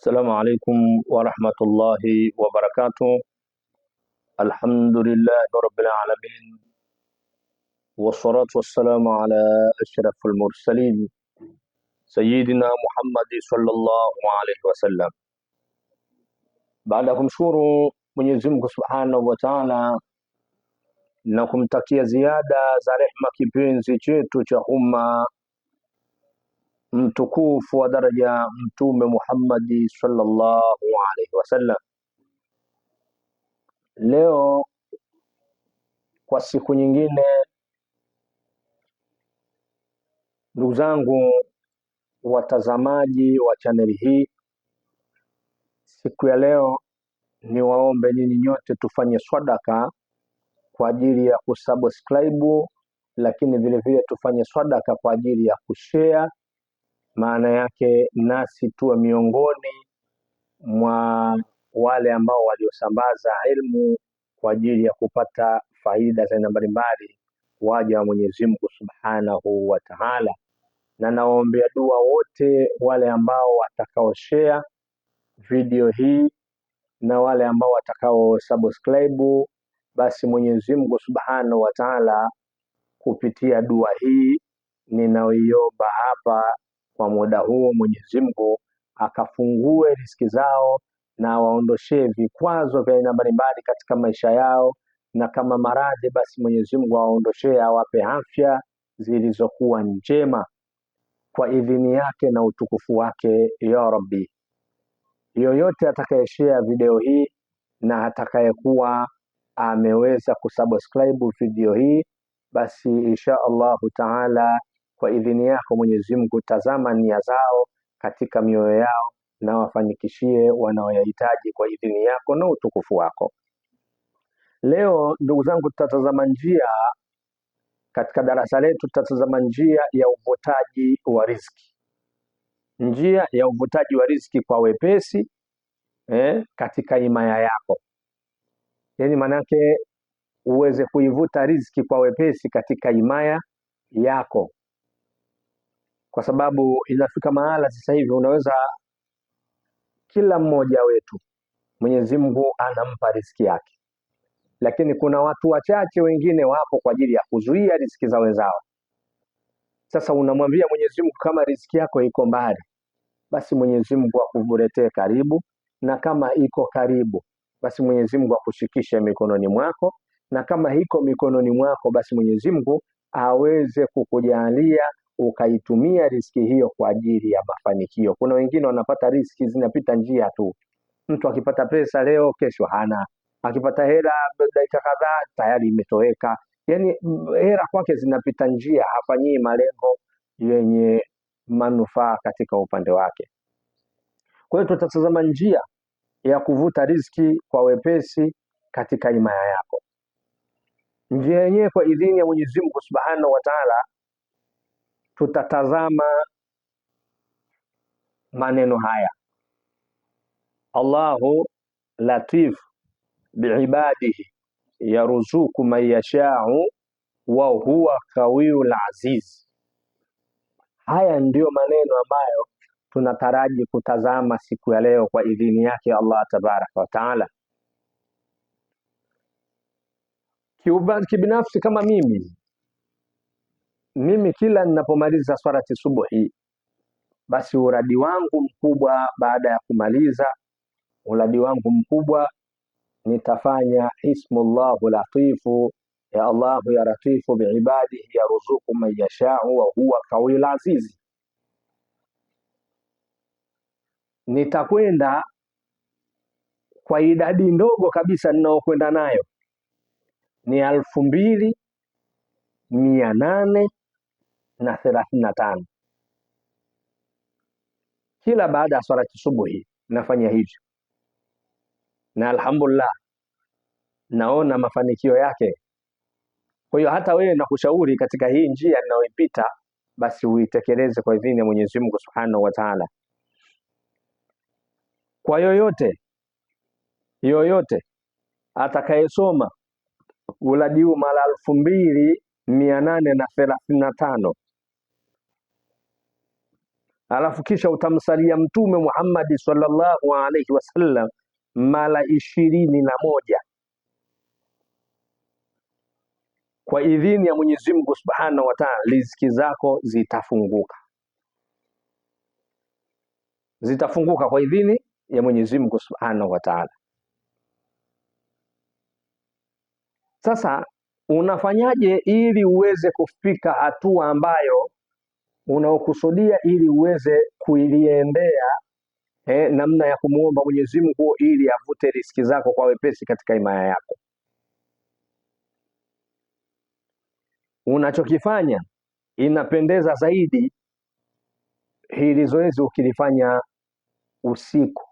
السلام عليكم ورحمة الله وبركاته الحمد لله رب العالمين والصلاة والسلام على أشرف المرسلين سيدنا محمد صلى الله عليه وسلم بعدكم شور من يزمك سبحانه وتعالى نكم تكي زيادة kumtakia ziada za rehma kipenzi mtukufu wa daraja Mtume Muhammadi sallallahu alaihi wasallam. Leo kwa siku nyingine, ndugu zangu watazamaji wa chaneli hii, siku ya leo ni waombe nyinyi nyote tufanye swadaka kwa ajili ya kusubscribe, lakini vilevile tufanye swadaka kwa ajili ya kushare maana yake nasi tuwe miongoni mwa wale ambao waliosambaza ilmu kwa ajili ya kupata faida za aina mbalimbali, waja wa Mwenyezi Mungu Subhanahu wa Ta'ala. Na nawaombea dua wote wale ambao watakaoshare video hii na wale ambao watakao subscribe, basi Mwenyezi Mungu Subhanahu wa Ta'ala kupitia dua hii ninaoiomba hapa kwa muda huo Mwenyezi Mungu akafungue riziki zao na awaondoshee vikwazo vya aina mbalimbali katika maisha yao, na kama maradhi basi Mwenyezi Mungu awaondoshee, awape afya zilizokuwa njema kwa idhini yake na utukufu wake ya Rabbi. Yoyote atakayeshare video hii na atakayekuwa ameweza kusubscribe video hii, basi insha Allahu taala kwa idhini yako Mwenyezi Mungu, tazama nia zao katika mioyo yao na wafanikishie wanaoyahitaji kwa idhini yako na utukufu wako. Leo ndugu zangu, tutatazama njia katika darasa letu, tutatazama njia ya uvutaji wa riziki, njia ya uvutaji wa riziki kwa wepesi eh, katika himaya yako, yaani maanake uweze kuivuta riziki kwa wepesi katika himaya yako kwa sababu inafika mahala sasa hivi unaweza kila mmoja wetu Mwenyezi Mungu anampa riziki yake, lakini kuna watu wachache wengine wapo kwa ajili ya kuzuia riziki za wenzao. Sasa unamwambia Mwenyezi Mungu kama riziki yako iko mbali, basi Mwenyezi Mungu akuvuletee karibu, na kama iko karibu, basi Mwenyezi Mungu akushikishe mikononi mwako, na kama iko mikononi mwako, basi Mwenyezi Mungu aweze kukujalia ukaitumia riski hiyo kwa ajili ya mafanikio. Kuna wengine wanapata riski zinapita njia tu, mtu akipata pesa leo, kesho hana, akipata hela dakika kadhaa tayari imetoweka. Yani hela kwake zinapita njia, hafanyii malengo yenye manufaa katika upande wake. Kwa hiyo tutatazama njia ya kuvuta riski kwa wepesi katika himaya yako. Njia yenyewe kwa idhini ya Mwenyezi Mungu Subhanahu wa Ta'ala tutatazama maneno haya Allahu latif biibadihi yaruzuku man yashau wa huwa qawiyul aziz. Haya ndiyo maneno ambayo tunataraji kutazama siku ya leo kwa idhini yake Allah tabaraka wa taala. Kibinafsi kama mimi mimi kila ninapomaliza swalati subuhi, basi uradi wangu mkubwa baada ya kumaliza, uradi wangu mkubwa nitafanya ismullahu latifu ya Allahu ya ratifu biibadihi ya ruzuku man yashau wa huwa kawil azizi. Nitakwenda kwa idadi ndogo kabisa ninayokwenda nayo ni alfu mbili mia nane na thelathini na tano. Kila baada ya swala subuhi nafanya hivyo, na alhamdulillah naona mafanikio yake. Kwa hiyo hata wewe nakushauri katika hii njia ninayoipita, basi uitekeleze kwa idhini ya Mwenyezi Mungu Subhanahu wa Ta'ala. Kwa yoyote yoyote atakayesoma uladiu mara elfu mbili mia nane na thelathini na tano alafu kisha utamsalia Mtume Muhammadi sallallahu alaihi wasallam mara ishirini na moja kwa idhini ya Mwenyezi Mungu subhanahu wa taala, riziki zako zitafunguka, zitafunguka kwa idhini ya Mwenyezi Mungu subhanahu wa taala. Sasa unafanyaje ili uweze kufika hatua ambayo unaokusudia ili uweze kuiliendea eh, namna ya kumwomba Mwenyezi Mungu ili avute riski zako kwa wepesi katika imaya yako. Unachokifanya inapendeza zaidi hili zoezi ukilifanya usiku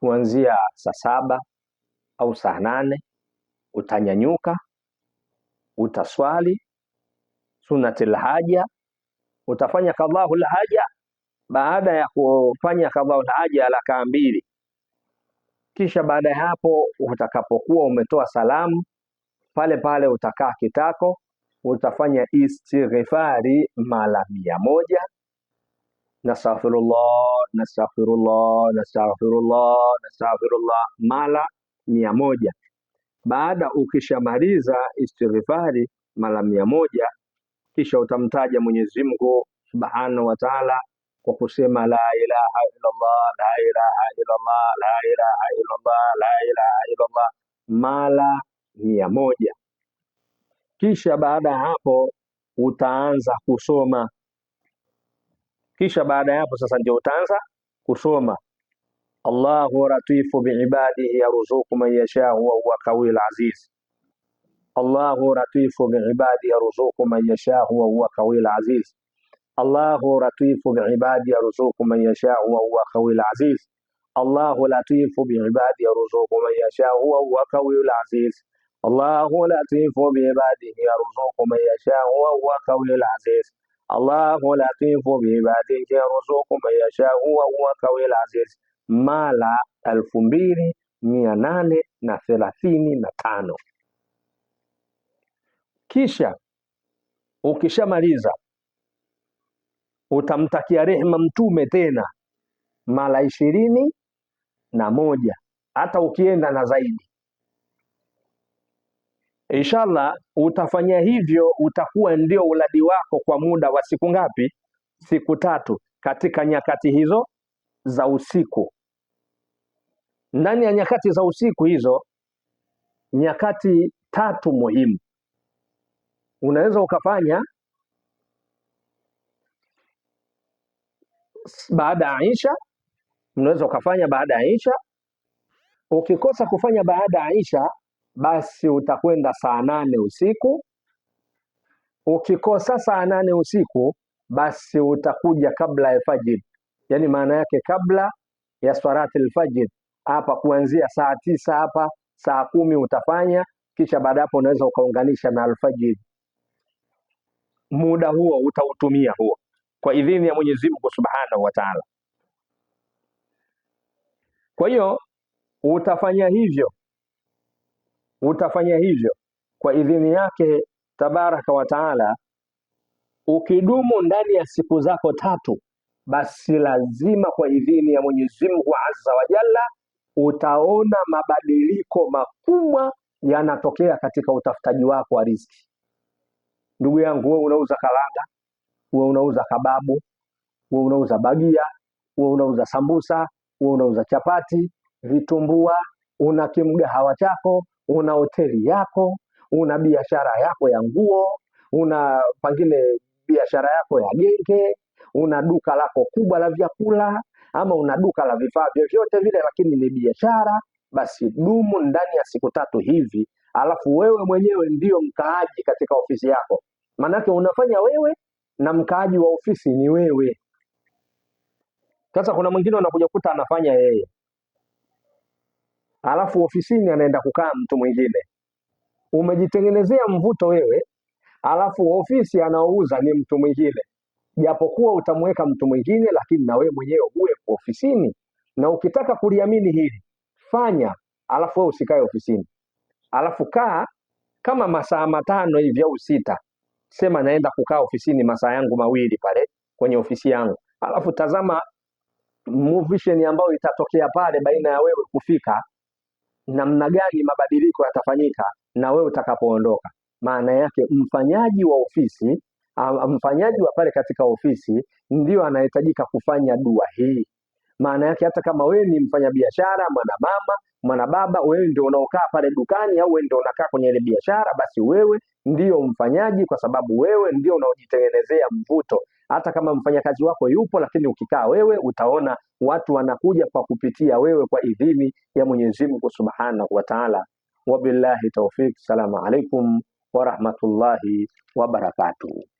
kuanzia saa saba au saa nane utanyanyuka utaswali sunnatul haja utafanya kadhaul haja baada ya kufanya kadhaul haja rakaa mbili, kisha baada ya hapo utakapokuwa umetoa salamu pale pale utakaa kitako, utafanya istighfari mara mia moja nastaghfirullah nastaghfirullah nastaghfirullah nastaghfirullah mara mia moja. Baada ukishamaliza istighfari mara mia moja kisha utamtaja Mwenyezi Mungu Subhanahu wa Ta'ala kwa kusema la ilaha illallah la ilaha illallah la ilaha illallah la ilaha illallah mala mia moja. Kisha baada ya hapo utaanza kusoma, kisha baada ya hapo sasa ndio utaanza kusoma Allahu ratifu biibadihi yarzuqu man yashaa wa huwa kawil aziz الله لطيف بعباد يرزق من يشاء وهو قوي العزيز الله لطيف بعباد يرزق من يشاء وهو قوي العزيز الله لطيف بعباد يرزق من يشاء وهو قوي العزيز الله لطيف بعباده يرزق من يشاء وهو قوي العزيز الله لطيف بعباده يرزق من يشاء وهو قوي العزيز مالا elfu mbili mia nane Kisha ukishamaliza utamtakia rehema mtume tena mara ishirini na moja hata ukienda na zaidi Inshallah utafanya hivyo, utakuwa ndio uradi wako kwa muda wa siku ngapi? Siku tatu, katika nyakati hizo za usiku. Ndani ya nyakati za usiku hizo, nyakati tatu muhimu unaweza ukafanya baada ya isha, unaweza ukafanya baada ya isha. Ukikosa kufanya baada ya isha, basi utakwenda saa nane usiku. Ukikosa saa nane usiku, basi utakuja kabla ya fajiri, yaani maana yake kabla ya swarati alfajiri hapa kuanzia saa tisa hapa saa kumi utafanya, kisha baada hapo unaweza ukaunganisha na alfajiri muda huo utautumia huo kwa idhini ya Mwenyezi Mungu Subhanahu wa Ta'ala. Kwa hiyo utafanya hivyo, utafanya hivyo kwa idhini yake Tabaraka wa Taala. Ukidumu ndani ya siku zako tatu, basi lazima kwa idhini ya Mwenyezi Mungu Azza wa Jalla utaona mabadiliko makubwa yanatokea katika utafutaji wako wa riziki. Ndugu yangu, wewe unauza kalanga, wewe unauza kababu, wewe unauza bagia, wewe unauza sambusa, wewe unauza chapati, vitumbua, una kimgahawa chako, una hoteli yako, una biashara yako ya nguo, una pengine biashara yako ya genge, una duka lako kubwa la vyakula, ama una duka la vifaa vyovyote vile, lakini ni biashara. Basi dumu ndani ya siku tatu hivi, alafu wewe mwenyewe ndiyo mkaaji katika ofisi yako. Maanake unafanya wewe na mkaaji wa ofisi ni wewe. Sasa kuna mwingine anakuja kuta anafanya yeye, alafu ofisini anaenda kukaa mtu mwingine. Umejitengenezea mvuto wewe, alafu ofisi anaouza ni mtu mwingine, japokuwa utamweka mtu mwingine, lakini na wewe mwenyewe uwe ofisini. Na ukitaka kuliamini hili fanya, alafu wewe usikae ofisini, alafu kaa kama masaa matano hivi au sita sema naenda kukaa ofisini masaa yangu mawili pale kwenye ofisi yangu, alafu tazama movision ambayo itatokea pale baina ya wewe kufika, namna gani mabadiliko yatafanyika na wewe utakapoondoka. Maana yake mfanyaji wa ofisi, mfanyaji wa pale katika ofisi ndio anahitajika kufanya dua hii. Maana yake hata kama wewe ni mfanyabiashara, mwanamama, mwanababa, wewe ndio unaokaa pale dukani au wewe ndio unakaa kwenye ile biashara, basi wewe ndiyo mfanyaji, kwa sababu wewe ndio unaojitengenezea mvuto. Hata kama mfanyakazi wako yupo, lakini ukikaa wewe utaona watu wanakuja kwa kupitia wewe, kwa idhini ya Mwenyezi Mungu Subhanahu wa Ta'ala. Wabillahi taufik, salamu alaikum wa barakatuh.